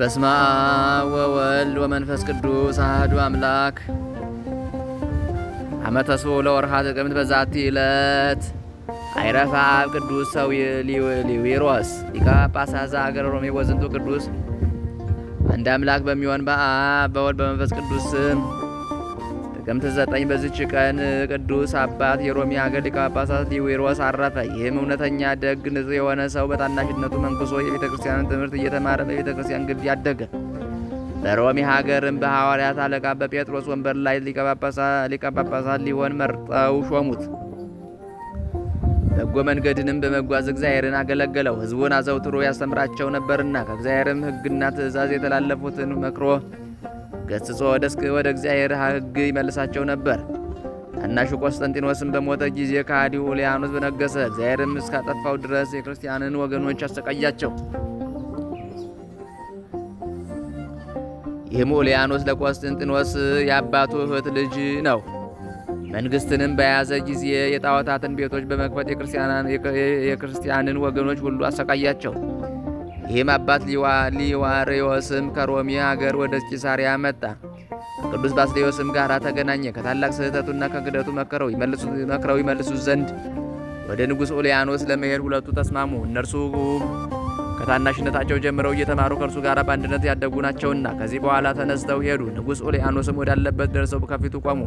በስመ አብ ወወልድ ወመንፈስ ቅዱስ አህዱ አምላክ። አመተ ለወርሃ ጥቅምት በዛቲ ዕለት አይረፈ አብ ቅዱስ ሰው ሊዊሮስ ሊቀ ጳጳሳት ዘሀገረ ሮሜ ወዝንቱ ቅዱስ። አንድ አምላክ በሚሆን በአብ በወልድ በመንፈስ ቅዱስ ስም ጥቅምት ዘጠኝ በዚች ቀን ቅዱስ አባት የሮሚ ሀገር ሊቀ ጳጳሳት አረፈ። ይህም እውነተኛ ደግ፣ ንጹ የሆነ ሰው በታናሽነቱ መንኩሶ የቤተ ክርስቲያንን ትምህርት እየተማረ በቤተ ክርስቲያን ግቢ አደገ። በሮሚ ሀገርም በሐዋርያት አለቃ በጴጥሮስ ወንበር ላይ ሊቀ ጳጳሳት ሊሆን መርጠው ሾሙት። በጎ መንገድንም በመጓዝ እግዚአብሔርን አገለገለው። ሕዝቡን አዘውትሮ ያስተምራቸው ነበርና ከእግዚአብሔርም ሕግና ትእዛዝ የተላለፉትን መክሮ ገስጾ ወደ እግዚአብሔር ሕግ ይመልሳቸው ነበር። ታናሹ ቆስጠንጢኖስም በሞተ ጊዜ ከሃዲው ኡልያኖስ በነገሰ። እግዚአብሔርም እስካጠፋው ድረስ የክርስቲያንን ወገኖች አሰቃያቸው። ይህም ኡልያኖስ ለቆስጠንጢኖስ የአባቱ እህት ልጅ ነው። መንግስትንም በያዘ ጊዜ የጣዖታትን ቤቶች በመክፈት የክርስቲያንን ወገኖች ሁሉ አሰቃያቸው። ይህም አባት ሊዋሬዎስም ከሮሚ ሀገር ወደ ቂሳሪያ መጣ። ከቅዱስ ባስሌዮስም ጋር ተገናኘ። ከታላቅ ስህተቱና ከክደቱ መከረው መክረው ይመልሱት ዘንድ ወደ ንጉሥ ኦሊያኖስ ለመሄድ ሁለቱ ተስማሙ። እነርሱ ከታናሽነታቸው ጀምረው እየተማሩ ከእርሱ ጋር በአንድነት ያደጉ ናቸውና ከዚህ በኋላ ተነስተው ሄዱ። ንጉሥ ኦሊያኖስም ወዳለበት ደርሰው ከፊቱ ቆሙ።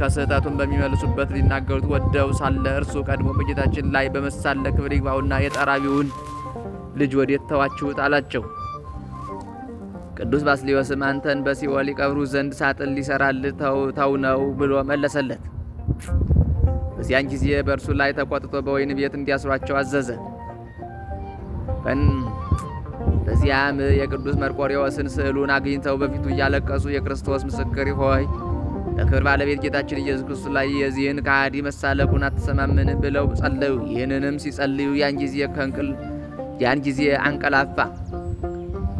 ከስህተቱን በሚመልሱበት ሊናገሩት ወደው ሳለ እርሱ ቀድሞ በጌታችን ላይ በመሳለ ክብር ይግባውና የጠራቢውን ልጅ ወዴት ተዋችሁት አላቸው። ቅዱስ ባስሊዮስም አንተን በሲኦል ይቀብሩ ዘንድ ሳጥን ሊሰራል ተው ነው ብሎ መለሰለት። በዚያን ጊዜ በእርሱ ላይ ተቆጥቶ በወይን ቤት እንዲያስሯቸው አዘዘ። በዚያም የቅዱስ መርቆሪዎስን ስዕሉን አግኝተው በፊቱ እያለቀሱ የክርስቶስ ምስክር ሆይ ለክብር ባለቤት ጌታችን ኢየሱስ ክርስቶስ ላይ የዚህን ከሃዲ መሳለቁን አትሰማምን ብለው ጸለዩ። ይህንንም ሲጸልዩ ያን ጊዜ ከእንቅል ያን ጊዜ አንቀላፋ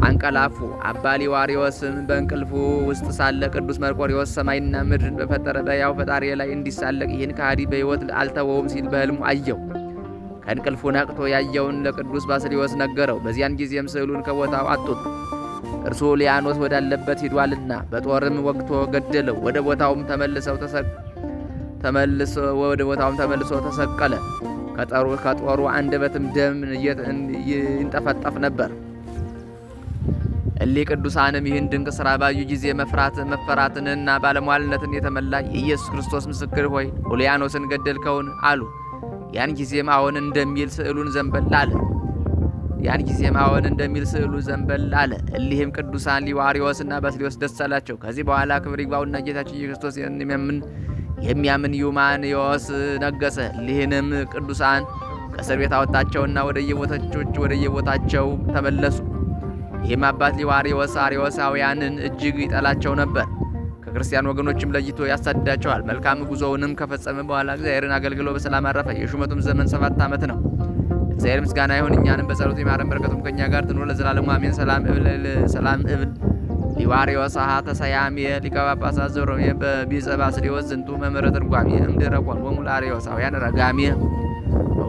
አንቀላፉ። አባ ሊዋሪዎስም በእንቅልፉ ውስጥ ሳለ ቅዱስ መርቆሪዎስ ሰማይና ምድርን በፈጠረ በያው ፈጣሪ ላይ እንዲሳለቅ ይህን ከሃዲ በሕይወት አልተወውም ሲል በሕልሙ አየው። ከእንቅልፉ ነቅቶ ያየውን ለቅዱስ ባስሊዮስ ነገረው። በዚያን ጊዜም ስዕሉን ከቦታው አጡት፣ እርሱ ሊያኖስ ወዳለበት ሂዷልና በጦርም ወግቶ ገደለው። ወደ ቦታውም ተመልሰው ተሰ ተመልሶ ወደ ቦታውም ተመልሶ ተሰቀለ። ከጦሩ አንደበትም ደም ይንጠፈጠፍ ነበር። እሊ ቅዱሳንም ይህን ድንቅ ሥራ ባዩ ጊዜ መፍራት መፈራትንና ባለሟልነትን የተመላ የኢየሱስ ክርስቶስ ምስክር ሆይ ኡልያኖስን ገደልከውን? አሉ። ያን ጊዜም አዎን እንደሚል ስዕሉን ዘንበል አለ። ያን ጊዜም አዎን እንደሚል ስዕሉ ዘንበል አለ። እሊህም ቅዱሳን ሊዋሪዎስና ባስሊዮስ ደስ አላቸው። ከዚህ በኋላ ክብር ይግባውና ጌታችን ኢየሱስ ክርስቶስ የሚያምን ዩማንዮስ ነገሰ። ሊህንም ቅዱሳን ከእስር ቤት አወጣቸውና ወደ ወደየቦታቸው ተመለሱ። ይህም አባት ሊዋሪዎስ አሪዎሳውያንን እጅግ ይጠላቸው ነበር። ከክርስቲያን ወገኖችም ለይቶ ያሳድዳቸዋል። መልካም ጉዞውንም ከፈጸመ በኋላ እግዚአብሔርን አገልግሎ በሰላም አረፈ። የሹመቱም ዘመን ሰባት ዓመት ነው። እግዚአብሔር ምስጋና ይሁን፣ እኛንም በጸሎቱ ይማረን፣ በረከቱም ከእኛ ጋር ትኑር ለዘላለሙ አሜን። ሰላም እብል ሰላም እብል ሊዋሪዮስ ሀ ተሰያሜ ሊቀ ጳጳሳት ዘሮሜ በቢጸ መምህረ ትርጓሜ እምድረቆን ወሙል አርዮሳውያን ረጋሜ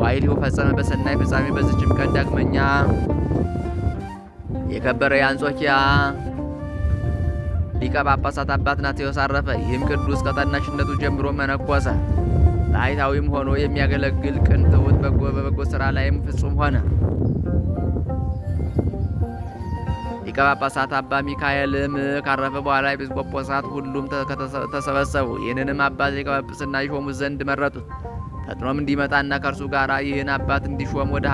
ዋይሊው ፈጸመ በሰናይ ፍጻሜ። በዚችም ቀን ዳግመኛ የከበረ የአንጾኪያ ሊቀ ጳጳሳት አባት ናቴዎስ አረፈ። ይህም ቅዱስ ከታናሽነቱ ጀምሮ መነኮሰ። ላይታዊም ሆኖ የሚያገለግል ቅን ትሑት፣ በጎ በበጎ ስራ ላይም ፍጹም ሆነ። ሊቀ ጳጳሳት አባ ሚካኤልም ካረፈ በኋላ ኤጲስቆጶሳት ሁሉም ተሰበሰቡ። ይህንንም አባት ሊቀ ጵጵስና ዘንድ መረጡት። ፈጥኖም እንዲመጣና ከእርሱ ጋር ይህን አባት እንዲሾም ወደ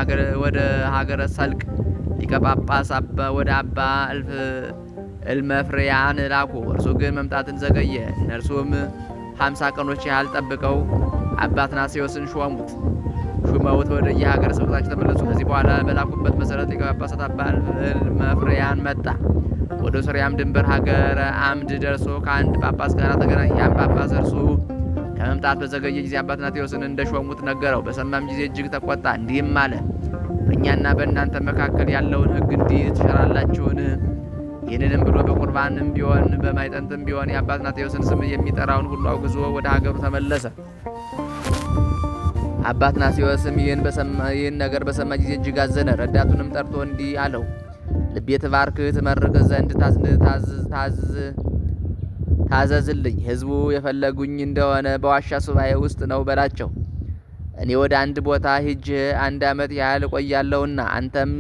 ሀገረ ሰልቅ ሊቀ ጳጳስ ወደ አባ እልፍ እልመፍሬያን ላኩ። እርሱ ግን መምጣትን ዘገየ። እነርሱም ሀምሳ ቀኖች ያህል ጠብቀው አባት ናሲዮስን ሾሙት። ሹመውት ወደ የሀገረ ስብከታቸው ተመለሱ። ከዚህ በኋላ በላኩበት መሰረት ሊቀ ጳጳሳት አባ መጣ። ወደ ሶርያም ድንበር ሀገረ አምድ ደርሶ ከአንድ ጳጳስ ጋር ተገናኘ። ያም ጳጳስ እርሱ ከመምጣት በዘገየ ጊዜ አባትና ትናቴዎስን እንደ ሾሙት ነገረው። በሰማም ጊዜ እጅግ ተቆጣ፣ እንዲህም አለ በእኛና በእናንተ መካከል ያለውን ሕግ እንዲህ ትሸራላችሁን? ይህንንም ብሎ በቁርባንም ቢሆን በማይጠንትም ቢሆን የአባ ትናቴዎስን ስም የሚጠራውን ሁሉ አውግዞ ወደ ሀገሩ ተመለሰ። አባት ናሲዎስም ይህን ነገር በሰማ ጊዜ እጅግ አዘነ። ረዳቱንም ጠርቶ እንዲህ አለው፣ ልቤ ትባርክህ ትመርቅ ዘንድ ታዘዝልኝ። ሕዝቡ የፈለጉኝ እንደሆነ በዋሻ ሱባኤ ውስጥ ነው በላቸው። እኔ ወደ አንድ ቦታ ሂጅ አንድ ዓመት ያህል ቆያለሁና አንተም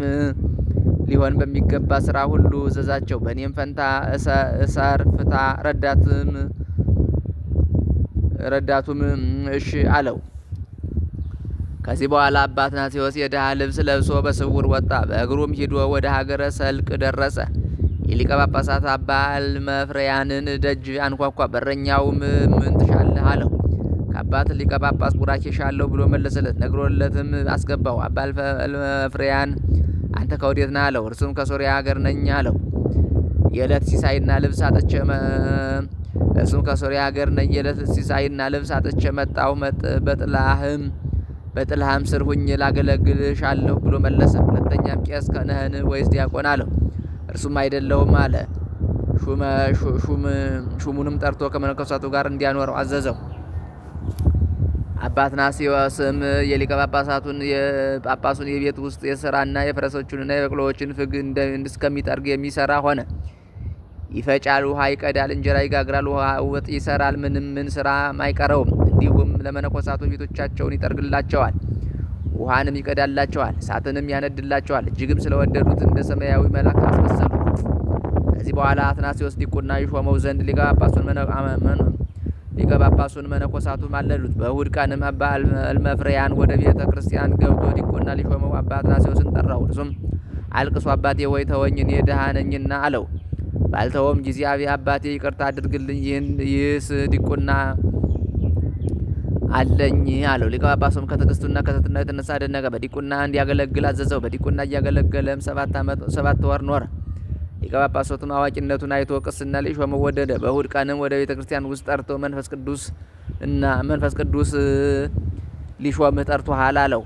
ሊሆን በሚገባ ስራ ሁሉ እዘዛቸው። በእኔም ፈንታ እሰር ፍታ። ረዳቱም እሺ አለው። ከዚህ በኋላ አባት ናቴዎስ የድሃ ልብስ ለብሶ በስውር ወጣ። በእግሩም ሂዶ ወደ ሀገረ ሰልቅ ደረሰ። የሊቀ ጳጳሳት አባ እልመፍሪያንን ደጅ አንኳኳ። በረኛውም ምን ትሻለህ አለው። ከአባት ሊቀ ጳጳስ ቡራኬ ብሎ መለሰለት። ነግሮለትም አስገባው። አባ እልመፍሪያን አንተ ከወዴት ና አለው። እርሱም ከሶሪያ ሀገር ነኝ አለው። የዕለት ሲሳይና ልብስ አጥቼ እርሱም ከሶሪያ ሀገር ነኝ የዕለት ሲሳይና ልብስ አጥቼ መጣው በጥላህም በጥልሃም ስር ላገለግልሽ አለሁ ብሎ መለሰ። ሁለተኛም ቄስ ከነህን ወይስ ዲያቆን አለው። እርሱም አይደለሁም አለ። ሹሙንም ጠርቶ ከመነኮሳቱ ጋር እንዲያኖረው አዘዘው። አባት ናሲዮስም የሊቀ ጳጳሳቱን የጳጳሱን የቤት ውስጥ የስራና የፈረሶቹንና የበቅሎዎችን ፍግ እንድስከሚጠርግ የሚሰራ ሆነ። ይፈጫል፣ ውሃ ይቀዳል፣ እንጀራ ይጋግራል፣ ውሃ ወጥ ይሰራል። ምንም ምን ስራ አይቀረውም። እንዲሁም ለመነኮሳቱ ቤቶቻቸውን ይጠርግላቸዋል፣ ውሃንም ይቀዳላቸዋል፣ እሳትንም ያነድላቸዋል። እጅግም ስለወደዱት እንደ ሰማያዊ መልአክ አስመሰሉ። ከዚህ በኋላ አትናሲዎስ ዲቁና ይሾመው ዘንድ ሊቀ ጳጳሱን መነኮሳቱ አለሉት በእሁድ ቀንም አባ እልመፍሬያን ወደ ቤተ ክርስቲያን ገብቶ ዲቁና ሊሾመው አባ አትናሲዎስን ጠራው። እርሱም አልቅሶ አባቴ ወይ ተወኝ፣ እኔ ነኝና አለው። ባልተወም ጊዜ አቢ አባቴ ይቅርታ አድርግልኝ ይህን ይህስ ዲቁና አለኝ አለው። ሊቀ ጳጳሱም ከትዕግስቱና ከትሕትናው የተነሳ አደነቀ። በዲቁና እንዲያገለግል አዘዘው። በዲቁና እያገለገለም ሰባት ወር ኖረ። ሊቀ ጳጳሳቱም አዋቂነቱን አይቶ ቅስና ሊሾም ወደደ። በእሁድ ቀንም ወደ ቤተ ክርስቲያን ውስጥ ጠርቶ መንፈስ ቅዱስ እና መንፈስ ቅዱስ ሊሾምህ ጠርቶሃል አለው።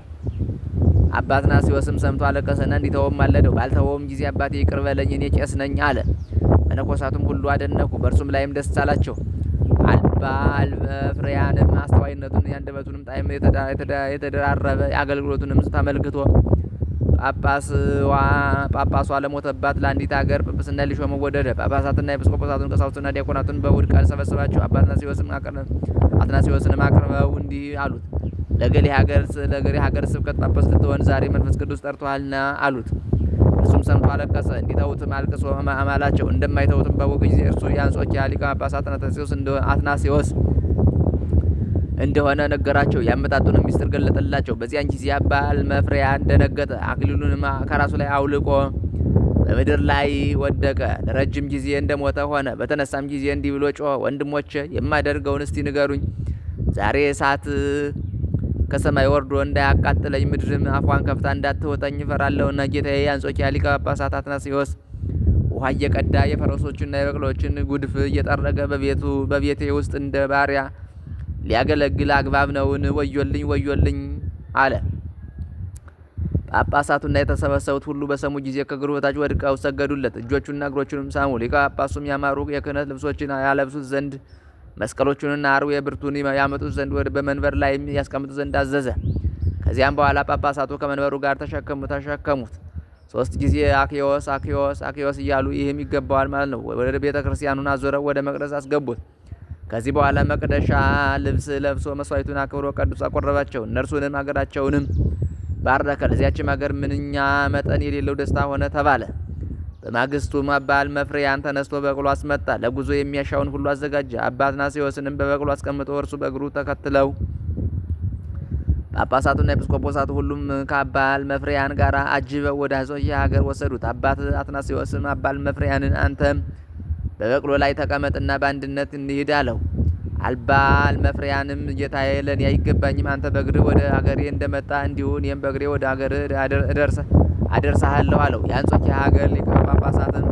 አባት ናሲዎስም ሰምቶ አለቀሰና እንዲተወም አለደው። ባልተወውም ጊዜ አባቴ ይቅር በለኝ እኔ ቄስ ነኝ አለ። መነኮሳቱም ሁሉ አደነቁ፣ በእርሱም ላይም ደስ አላቸው። በአልበ ፍሬያንም አስተዋይነቱን የአንደበቱንም ጣዕም የተደራረበ የአገልግሎቱንም ተመልክቶ ጳጳሷ ለሞተባት ለአንዲት ሀገር ጵጵስና ሊሾመው ወደደ። ጳጳሳትና ኤጲስቆጶሳቱን ቀሳውስቱና ዲያቆናቱን በውድ ቀን ሰበሰባቸው። አባ አትናሲዎስንም አቅርበው እንዲህ አሉት። ለገሌ ሀገር ስብከት ጳጳስ ልትሆን ዛሬ መንፈስ ቅዱስ ጠርቶሃልና አሉት። እርሱም ሰምቶ አለቀሰ። እንዲተውትም አልቅሶ አማላቸው። እንደማይተውትም ባወቀ ጊዜ እርሱ የአንጾኪያ ሊቀ ጳጳስ አትናቴዎስ አትናቴዎስ እንደሆነ ነገራቸው። ያመጣጡን ሚስጥር ገለጠላቸው። በዚያን ጊዜ አባል መፍሪያ እንደነገጠ አክሊሉንም ከራሱ ላይ አውልቆ በምድር ላይ ወደቀ። ለረጅም ጊዜ እንደሞተ ሆነ። በተነሳም ጊዜ እንዲህ ብሎ ጮኸ፣ ወንድሞች የማደርገውን እስቲ ንገሩኝ። ዛሬ እሳት ከሰማይ ወርዶ እንዳያቃጥለኝ ምድርም አፏን ከፍታ እንዳትውጠኝ እፈራለሁና ጌታዬ የአንጾኪያ ሊቀ ጳጳሳት አትናስዮስ ውሃ እየቀዳ የፈረሶችና የበቅሎችን ጉድፍ እየጠረገ በቤቱ በቤቴ ውስጥ እንደ ባሪያ ሊያገለግል አግባብ ነውን? ወዮልኝ ወዮልኝ አለ። ጳጳሳቱና የተሰበሰቡት ሁሉ በሰሙ ጊዜ ከእግሩ በታች ወድቀው ሰገዱለት፣ እጆቹና እግሮቹንም ሳሙ። ሊቀ ጳጳሱም ያማሩ የክህነት ልብሶችን ያለብሱት ዘንድ መስቀሎቹንና አርዌ ብርቱን ያመጡት ዘንድ ወደ በመንበር ላይ ያስቀምጡ ዘንድ አዘዘ። ከዚያም በኋላ ጳጳሳቱ ከመንበሩ ጋር ተሸከሙ ተሸከሙት ሶስት ጊዜ አኪዮስ አኪዮስ አኪዮስ እያሉ ይህም ይገባዋል ማለት ነው። ወደ ቤተ ክርስቲያኑን አዞረው ወደ መቅደስ አስገቡት። ከዚህ በኋላ መቅደሻ ልብስ ለብሶ መስዋዕቱን አክብሮ ቀዱስ አቆረባቸው። እነርሱንም አገራቸውንም ባረከ። ለዚያችም አገር ምንኛ መጠን የሌለው ደስታ ሆነ ተባለ። በማግስቱም አባ አልመፍሬያን ተነስቶ በቅሎ አስመጣ። ለጉዞ የሚያሻውን ሁሉ አዘጋጀ። አባ አትናስዮስንም በበቅሎ አስቀምጦ እርሱ በእግሩ ተከትለው ጳጳሳቱና ኤጲስቆጶሳቱ ሁሉም ከአባ አልመፍሬያን ጋር አጅበው ወደ አዞዬ ሀገር ወሰዱት። አባት አትናስዮስም አባ አልመፍሬያንን አንተም በበቅሎ ላይ ተቀመጥና በአንድነት እንሂድ አለው። አባ አልመፍሬያንም ጌታዬ፣ ለእኔ አይገባኝም። አንተ በእግርህ ወደ አገሬ እንደመጣ እንዲሁን እኔም በእግሬ ወደ ሀገር እደርሳለሁ አደርሳሃለሁ አለው። የአንጾኪያ ሀገር ሊቀ ጳጳሳትን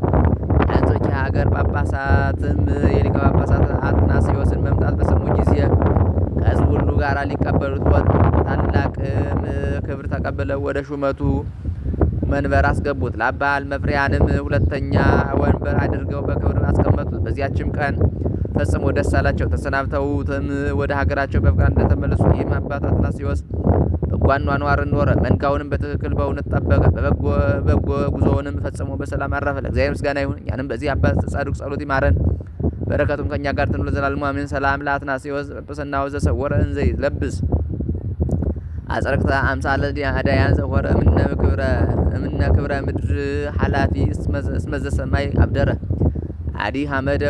የአንጾኪያ ሀገር ጳጳሳትም የሊቀ ጳጳሳት አትናስዮስን መምጣት በሰሙ ጊዜ ከሕዝብ ሁሉ ጋር ሊቀበሉት ወጡ። ታላቅም ክብር ተቀብለው ወደ ሹመቱ መንበር አስገቡት። ለአባ እልመፍሪያንም ሁለተኛ ወንበር አድርገው በክብር አስቀመጡት። በዚያችም ቀን ፈጽሞ ደስ አላቸው። ተሰናብተውትም ወደ ሀገራቸው በፍቃድ እንደተመለሱ ይህም አባት አትናስዮስ አኗኗር ኖረ። መንጋውንም በትክክል በእውነት ጠበቀ። በበጎ በጎ ጉዞውንም ፈጽሞ በሰላም አረፈ። ለእግዚአብሔር ምስጋና ይሁን። እኛንም በዚህ አባት ጻድቅ ጸሎት ይማረን፣ በረከቱም ከእኛ ጋር ትኑር ለዘላለሙ አሜን። ሰላም ለአትናስዮስ ጵጵስና ወዘሰወረ እንዘ ይለብስ አጽረቅተ አምሳለ አዳያን ዘወረ እምነ ክብረ ምድር ሓላፊ እስመዘ ሰማይ አብደረ አዲ ሃመደ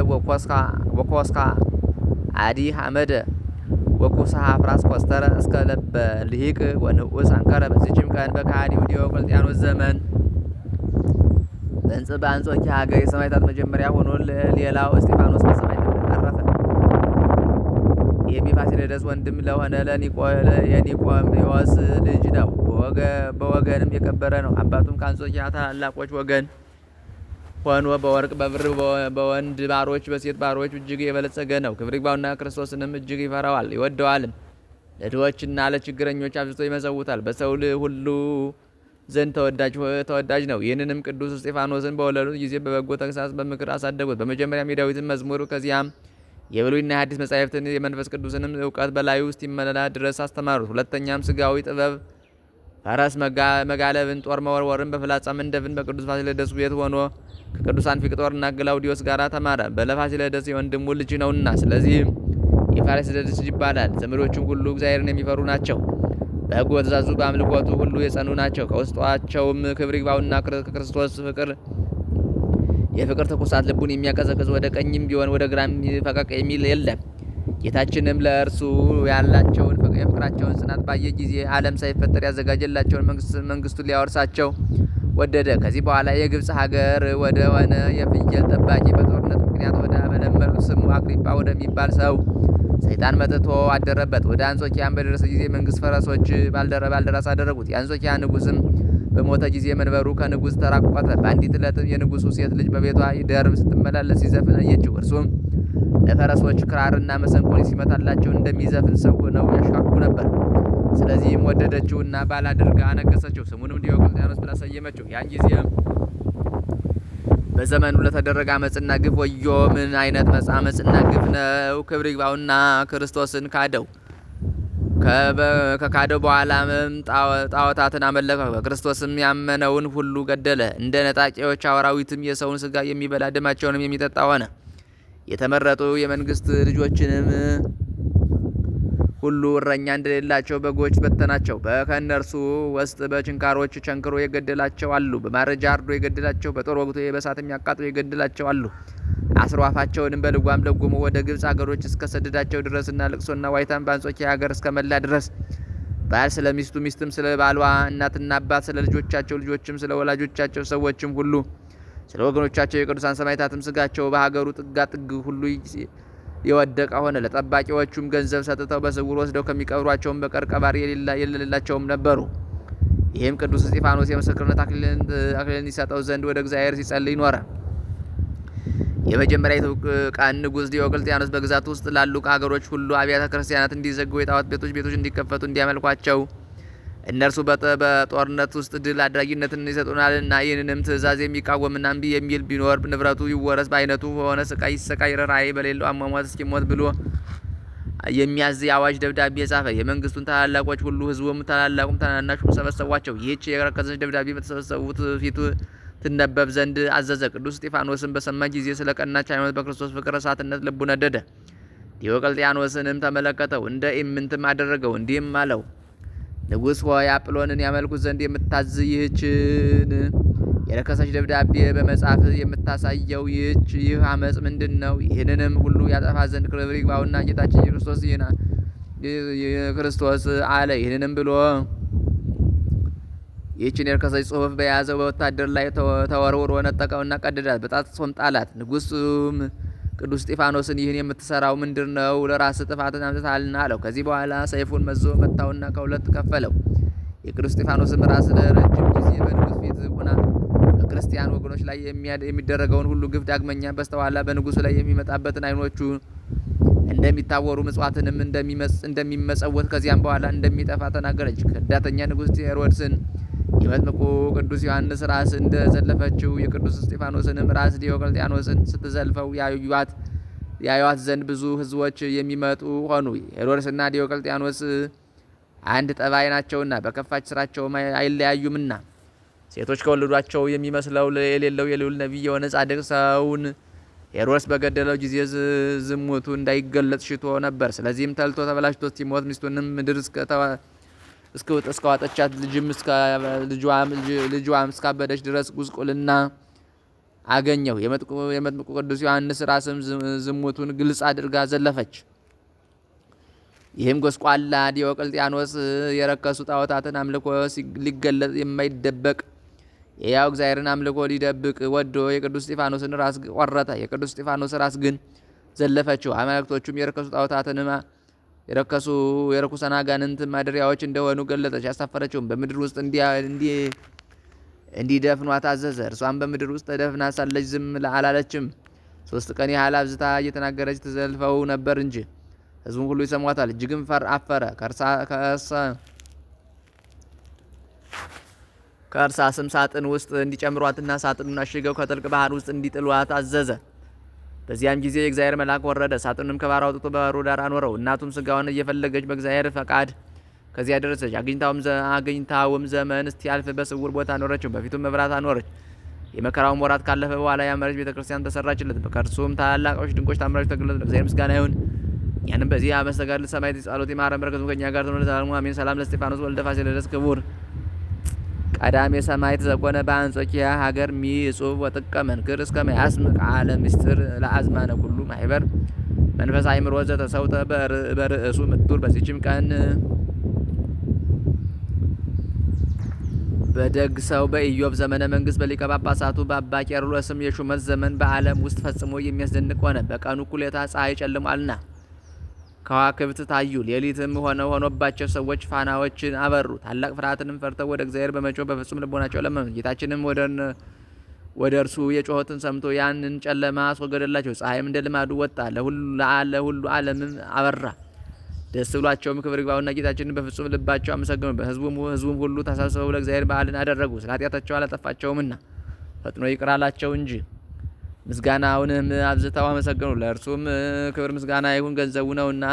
ወኮስካ አዲ ሃመደ ወኩስሐ ፍራስ ኮስተረ እስከ ለበ ልሂቅ ወንዑስ አንከረ። በዚችም ቀን በከሃዲው ዲዮቅልጥያኖስ ዘመን በንጽ በአንጾኪያ ሀገር የሰማዕታት መጀመሪያ ሆኖ ሌላው እስጢፋኖስ በሰማዕትነት አረፈ። የፋሲለደስ ወንድም ለሆነ የኒቆሚዎስ ልጅ ነው። በወገንም የከበረ ነው። አባቱም ከአንጾኪያ ታላላቆች ወገን ሆኖ በወርቅ በብር በወንድ ባሮች በሴት ባሮች እጅግ የበለጸገ ነው። ክብር ይግባውና ክርስቶስንም እጅግ ይፈራዋል ይወደዋልም። ለድሆችና ለችግረኞች አብዝቶ ይመሰውታል። በሰው ሁሉ ዘንድ ተወዳጅ ነው። ይህንንም ቅዱስ እስጢፋኖስን በወለዱት ጊዜ በበጎ ተግሳጽ በምክር አሳደጉት። በመጀመሪያም የዳዊትን መዝሙር ከዚያም የብሉይና የአዲስ መጻሕፍትን የመንፈስ ቅዱስንም እውቀት በላዩ ውስጥ ይመለላ ድረስ አስተማሩት። ሁለተኛም ስጋዊ ጥበብ ፈረስ መጋለብን፣ ጦር መወርወርን በፍላጻ መንደፍን በቅዱስ ፋሲለደስ ቤት ሆኖ ከቅዱሳን ፊቅጦርና ግላውዲዮስ ጋር ተማረ። በለፋሲለደስ የወንድሙ ልጅ ነውና፣ ስለዚህ የፋሲለደስ ይባላል። ዘመዶቹም ሁሉ እግዚአብሔርን የሚፈሩ ናቸው። በሕጉ በትእዛዙ በአምልኮቱ ሁሉ የጸኑ ናቸው። ከውስጧቸውም ክብር ይግባውና ከክርስቶስ ፍቅር የፍቅር ትኩሳት ልቡን የሚያቀዘቅዝ ወደ ቀኝም ቢሆን ወደ ግራም ፈቀቅ የሚል የለም። ጌታችንም ለእርሱ ያላቸውን የፍቅራቸውን ጽናት ባየ ጊዜ ዓለም ሳይፈጠር ያዘጋጀላቸውን መንግስቱን ሊያወርሳቸው ወደደ። ከዚህ በኋላ የግብፅ ሀገር ወደ ሆነ የፍየል ጠባቂ በጦርነት ምክንያት ወደ መለመሉ ስሙ አግሪጳ ወደሚባል ሰው ሰይጣን መጥቶ አደረበት። ወደ አንጾኪያን በደረሰ ጊዜ መንግስት ፈረሶች ባልደራስ አደረጉት። የአንጾኪያ ንጉስም በሞተ ጊዜ መንበሩ ከንጉስ ተራቆተ። በአንዲት ዕለትም የንጉሱ ሴት ልጅ በቤቷ ደርብ ስትመላለስ ሲዘፍን አየችው። እርሱም ለፈረሶች ክራርና መሰንቆን ሲመታላቸው እንደሚዘፍን ሰው ሆነው ያሻኩ ነበር። ስለዚህም ወደደችውና ባል አድርጋ አነገሰችው። ስሙንም ዲዮቅልጥያኖስ ብላ ሰየመችው። ያን ጊዜም በዘመኑ ለተደረገ አመፅና ግፍ ወዮ! ምን አይነት አመፅና ግፍ ነው! ክብር ይግባውና ክርስቶስን ካደው። ከካደው በኋላም ጣዖታትን አመለከ። በክርስቶስም ያመነውን ሁሉ ገደለ። እንደ ነጣቂዎች አውራዊትም የሰውን ስጋ የሚበላ ደማቸውንም የሚጠጣ ሆነ። የተመረጡ የመንግስት ልጆችንም ሁሉ እረኛ እንደሌላቸው በጎች በተናቸው። ከእነርሱ ውስጥ በችንካሮች ቸንክሮ የገደላቸው አሉ። በማረጃ አርዶ የገደላቸው፣ በጦር ወግቶ በእሳት የሚያቃጥሉ የገደላቸው አሉ። አስሯፋቸውንም በልጓም ለጉሞ ወደ ግብፅ አገሮች እስከ ሰደዳቸው ድረስና ልቅሶና ዋይታን በአንጾኪያ ሀገር እስከ መላ ድረስ ባል ስለ ሚስቱ ሚስትም ስለ ባሏ እናትና አባት ስለ ልጆቻቸው ልጆችም ስለ ወላጆቻቸው ሰዎችም ሁሉ ስለ ወገኖቻቸው የቅዱሳን ሰማዕታትም ስጋቸው በሀገሩ ጥጋ ጥግ ሁሉ የወደቀ ሆነ። ለጠባቂዎቹም ገንዘብ ሰጥተው በስውር ወስደው ከሚቀብሯቸውም በቀር ቀባሪ የሌላቸውም ነበሩ። ይህም ቅዱስ እስጢፋኖስ የምስክርነት አክሊልን ይሰጠው ዘንድ ወደ እግዚአብሔር ሲጸልይ ኖረ። የመጀመሪያ የትውቃን ንጉሥ ዲዮቅልጥያኖስ በግዛት ውስጥ ላሉ ሀገሮች ሁሉ አብያተ ክርስቲያናት እንዲዘጉ፣ የጣዖት ቤቶች ቤቶች እንዲከፈቱ እንዲያመልኳቸው እነርሱ በጦርነት ውስጥ ድል አድራጊነትን ይሰጡናልና ይህንንም ትእዛዝ የሚቃወምና እምቢ የሚል ቢኖር ንብረቱ ይወረስ፣ በአይነቱ በሆነ ስቃይ ይሰቃይ፣ ርኅራኄ በሌለው አሟሟት እስኪሞት ብሎ የሚያዝ የአዋጅ ደብዳቤ ጻፈ። የመንግስቱን ታላላቆች ሁሉ ህዝቡም፣ ታላላቁም ታናናሹም ሰበሰቧቸው። ይህች የረከሰች ደብዳቤ በተሰበሰቡት ፊቱ ትነበብ ዘንድ አዘዘ። ቅዱስ እስጢፋኖስን በሰማ ጊዜ ስለ ቀናች ሃይማኖት በክርስቶስ ፍቅር እሳትነት ልቡ ነደደ። ዲዮቅልጥያኖስንም ተመለከተው፣ እንደ ኢምንትም አደረገው፣ እንዲህም አለው ንጉሥ ሆይ አጵሎንን ያመልኩት ዘንድ የምታዝ ይህችን የረከሰች ደብዳቤ በመጻፍ የምታሳየው ይህች ይህ አመፅ ምንድን ነው? ይህንንም ሁሉ ያጠፋ ዘንድ ክብር ይግባውና ጌታችን ክርስቶስ ይህና ክርስቶስ አለ። ይህንንም ብሎ ይህችን የርከሰች ጽሑፍ በያዘው በወታደር ላይ ተወርውሮ ነጠቀውና ቀደዳት፣ በጣት ሶም ጣላት። ንጉሱም ቅዱስ እስጢፋኖስን ይህን የምትሰራው ምንድር ነው? ለራስ ጥፋትን አምጥታልና አለው። ከዚህ በኋላ ሰይፉን መዞ መታውና ከሁለት ከፈለው። የቅዱስ እስጢፋኖስም ራስ ለረጅም ጊዜ በንጉሥ ፊት ሆና በክርስቲያን ወገኖች ላይ የሚደረገውን ሁሉ ግፍ ዳግመኛ በስተኋላ በንጉሱ ላይ የሚመጣበትን አይኖቹ እንደሚታወሩ ምጽዋትንም እንደሚመጸወት ከዚያም በኋላ እንደሚጠፋ ተናገረች። ከዳተኛ ንጉሥ ሄሮድስን የመጥምቁ ቅዱስ ዮሐንስ ራስ እንደ ዘለፈችው የቅዱስ እስጢፋኖስንም ራስ ዲዮቅልጥያኖስን ስትዘልፈው ያዩዋት ያዩዋት ዘንድ ብዙ ህዝቦች የሚመጡ ሆኑ። ሄሮድስና ዲዮቅልጥያኖስ አንድ ጠባይ ናቸውና በከፋች ስራቸውም አይለያዩምና ሴቶች ከወለዷቸው የሚመስለው የሌለው የልዑል ነቢይ የሆነ ጻድቅ ሰውን ሄሮድስ በገደለው ጊዜ ዝሙቱ እንዳይገለጽ ሽቶ ነበር። ስለዚህም ተልቶ ተበላሽቶ ሲሞት ሚስቱንም ምድር እስከዋጠቻት ልጅም ልጇም እስካበደች ድረስ ጉስቁልና አገኘው። የመጥምቁ ቅዱስ ዮሐንስ ራስም ዝሙቱን ግልጽ አድርጋ ዘለፈች። ይህም ጎስቋላ ዲዮቅልጥያኖስ የረከሱ ጣዖታትን አምልኮ ሊገለጥ የማይደበቅ የያው እግዚአብሔርን አምልኮ ሊደብቅ ወዶ የቅዱስ እስጢፋኖስን ራስ ቆረጠ። የቅዱስ እስጢፋኖስ ራስ ግን ዘለፈችው። አማልክቶቹም የረከሱ ጣዖታትን የረከሱ የርኩሳን አጋንንት ማደሪያዎች እንደሆኑ ገለጠች። ያሳፈረችውም በምድር ውስጥ እንዲደፍኗ ታዘዘ እርሷን በምድር ውስጥ ተደፍና ሳለች ዝም አላለችም። ሶስት ቀን ያህል አብዝታ እየተናገረች ተዘልፈው ነበር እንጂ ህዝቡን ሁሉ ይሰሟታል። እጅግም አፈረ። ስም ሳጥን ውስጥ እንዲጨምሯትና ሳጥኑን አሽገው ከጥልቅ ባህር ውስጥ እንዲጥሏት አዘዘ። በዚያም ጊዜ የእግዚአብሔር መልአክ ወረደ፣ ሳጥንም ከባሕር አውጥቶ በባሕሩ ዳር አኖረው። እናቱም ስጋውን እየፈለገች በእግዚአብሔር ፈቃድ ከዚያ ደረሰች። አግኝታውም ዘመን እስቲያልፍ በስውር ቦታ አኖረችው። በፊቱም መብራት አኖረች። የመከራውም ወራት ካለፈ በኋላ ያመረች ቤተ ክርስቲያን ተሰራችለት። በከርሱም ታላላቆች ድንቆች ታምራች ተገለጡ። ለእግዚአብሔር ምስጋና ይሁን። እኛንም በዚህ በመሰጋድ ሰማዕት ጸሎት ይማረን። በረከቱ ከእኛ ጋር ትኑር ለዘላለሙ አሜን። ሰላም ለእስጢፋኖስ ወልደ ፋሲለደስ ክቡር ቀዳሜ ሰማዕት ዘኮነ በአንጾኪያ ሀገር ሚጽብ ወጥቀ መንክር እስከ መያስም ቃለ ምስጢር ለአዝማነ ኩሉ ማህበር መንፈስ አእምሮ ዘተሰውተ በርእሱ ምጡር በዚችም ቀን በደግ ሰው በኢዮብ ዘመነ መንግስት በሊቀ ጳጳሳቱ በአባ ቄርሎስም የሹመት ዘመን በዓለም ውስጥ ፈጽሞ የሚያስደንቅ ሆነ። በቀኑ ኩሌታ ፀሐይ ጨልሟልና ከዋክብት ታዩ። ሌሊትም ሆነ ሆኖባቸው ሰዎች ፋናዎችን አበሩ። ታላቅ ፍርሃትንም ፈርተው ወደ እግዚአብሔር በመጮህ በፍጹም ልቦናቸው ለመኑ። ጌታችንም ወደ እርሱ የጮኸትን ሰምቶ ያንን ጨለማ አስወገደላቸው። ፀሐይም እንደ ልማዱ ወጣ፣ ለሁሉ ዓለምም አበራ። ደስ ብሏቸውም ክብር ይግባውና ጌታችንን በፍጹም ልባቸው አመሰግኑበት። ሕዝቡም ሁሉ ተሰብስበው ለእግዚአብሔር በዓልን አደረጉ፣ ስለ ኃጢአታቸው አላጠፋቸውምና ፈጥኖ ይቅር አላቸው እንጂ ምስጋናውንም አብዝተው አመሰገኑ። ለእርሱም ክብር ምስጋና ይሁን ገንዘቡ ነውና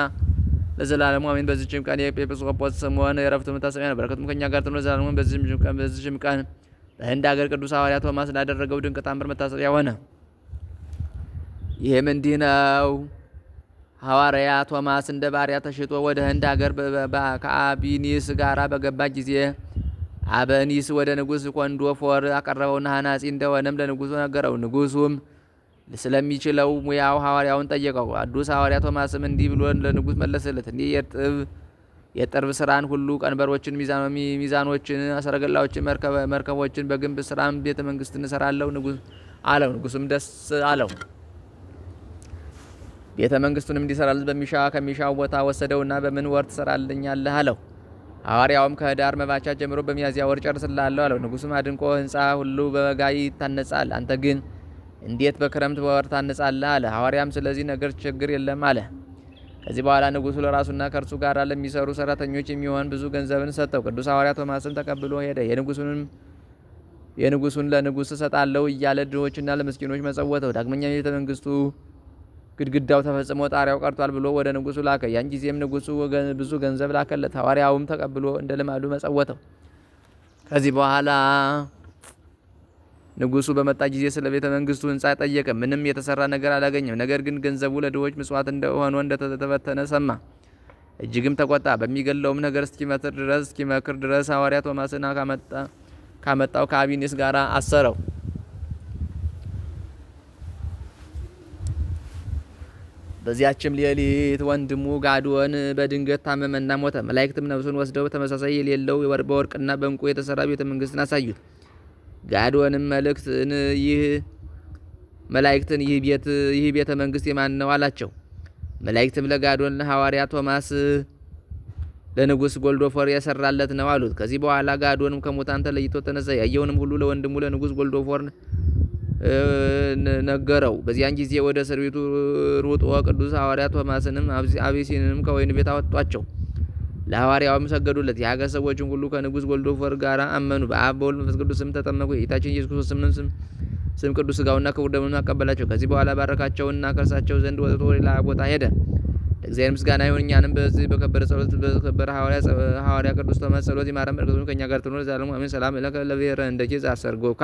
ለዘላለሙ አሜን። በዚችም ቀን የኤጲስቆጶስ ስምዖን የዕረፍቱ መታሰቢያ ነው። በረከቱም ከእኛ ጋር ትኑር ለዘላለሙ። በዚችም ቀን በህንድ አገር ቅዱስ ሐዋርያ ቶማስ ላደረገው ድንቅ ታምር መታሰቢያ ሆነ። ይህም እንዲህ ነው። ሐዋርያ ቶማስ እንደ ባሪያ ተሽጦ ወደ ህንድ አገር ከአቢኒስ ጋር በገባ ጊዜ አበኒስ ወደ ንጉሥ ኮንዶፎር አቀረበውና ሐናጺ እንደሆነም ለንጉሱ ነገረው። ንጉሱም ስለሚችለው ሙያው ሐዋርያውን ጠየቀው። አዱስ ሐዋርያ ቶማስም እንዲህ ብሎ ለንጉሥ መለሰለት፣ የጥብ የጠርብ ስራን ሁሉ ቀንበሮችን፣ ሚዛኖችን፣ ሰረገላዎችን፣ መርከቦችን፣ በግንብ ስራም ቤተ መንግስት እንሰራለሁ አለው። ንጉሱም ደስ አለው። ቤተ መንግስቱን እንዲሰራለት በሚሻ ከሚሻው ቦታ ወሰደውና በምን ወር ትሰራልኛለህ አለው። ሐዋርያውም ከህዳር መባቻ ጀምሮ በሚያዝያ ወር ጨርስላለሁ አለው። ንጉሱም አድንቆ ህንፃ ሁሉ በበጋ ይታነጻል፣ አንተ ግን እንዴት በክረምት ወር ታነጻለህ? አለ። ሐዋርያም ስለዚህ ነገር ችግር የለም አለ። ከዚህ በኋላ ንጉሱ ለራሱና ከእርሱ ጋር ለሚሰሩ ሰራተኞች የሚሆን ብዙ ገንዘብን ሰጠው። ቅዱስ ሐዋርያ ቶማስን ተቀብሎ ሄደ። የንጉሱንም የንጉሱን ለንጉስ እሰጣለሁ እያለ ድሆችና ለምስኪኖች መጸወተው። ዳግመኛ የቤተ መንግስቱ ግድግዳው ተፈጽሞ ጣሪያው ቀርቷል ብሎ ወደ ንጉሱ ላከ። ያን ጊዜም ንጉሱ ብዙ ገንዘብ ላከለት። ሐዋርያውም ተቀብሎ እንደ ልማዱ መጸወተው። ከዚህ በኋላ ንጉሱ በመጣ ጊዜ ስለ ቤተ መንግስቱ ህንፃ ጠየቀ። ምንም የተሰራ ነገር አላገኘም። ነገር ግን ገንዘቡ ለድሆች ምጽዋት እንደሆነ እንደተበተነ ሰማ። እጅግም ተቆጣ። በሚገለውም ነገር እስኪመትር ድረስ እስኪመክር ድረስ ሐዋርያ ቶማስና ካመጣው ከአቢኒስ ጋር አሰረው። በዚያችም ሌሊት ወንድሙ ጋድወን በድንገት ታመመና ሞተ። መላእክትም ነብሱን ወስደው ተመሳሳይ የሌለው በወርቅና በእንቁ የተሰራ ቤተ መንግስትን አሳዩት። ጋድወንም መልእክትን ይህ መላእክትን ይህ ቤት ይህ ቤተ መንግስት የማን ነው አላቸው። መላእክትም ለጋዶን ለሐዋርያ ቶማስ ለንጉስ ጎልዶፎር የሰራለት ነው አሉት። ከዚህ በኋላ ጋድወንም ከሙታን ተለይቶ ተነሳ። ያየውንም ሁሉ ለወንድሙ ለንጉስ ጎልዶፎር ነገረው። በዚያን ጊዜ ወደ እስር ቤቱ ሩጦ ቅዱስ ሐዋርያ ቶማስንም አብሲንንም ከወይን ቤት አወጧቸው። ለሐዋርያው አመሰገዱለት። የሀገር ሰዎችም ሁሉ ከንጉስ ወልዶፎር ጋር አመኑ። በአብ በወልድ መንፈስ ቅዱስ ስም ተጠመቁ። የጌታችን ኢየሱስ ክርስቶስ ስምም ስም ስም ቅዱስ ስጋውና ክቡር ደሙን አቀበላቸው። ከዚህ በኋላ ባረካቸውና ከእርሳቸው ዘንድ ወጥቶ ሌላ ቦታ ሄደ። ለእግዚአብሔር ምስጋና ይሁን። እኛንም በዚህ በከበረ ጸሎት በከበረ ሐዋርያ ሐዋርያ ቅዱስ ቶማስ ጸሎት ይማረን። በረከቱም ከእኛ ጋር ትኑር ለዘላለሙ አሜን። ሰላም ለከ ለብሔረ እንደ ጌዝ አሰርጎ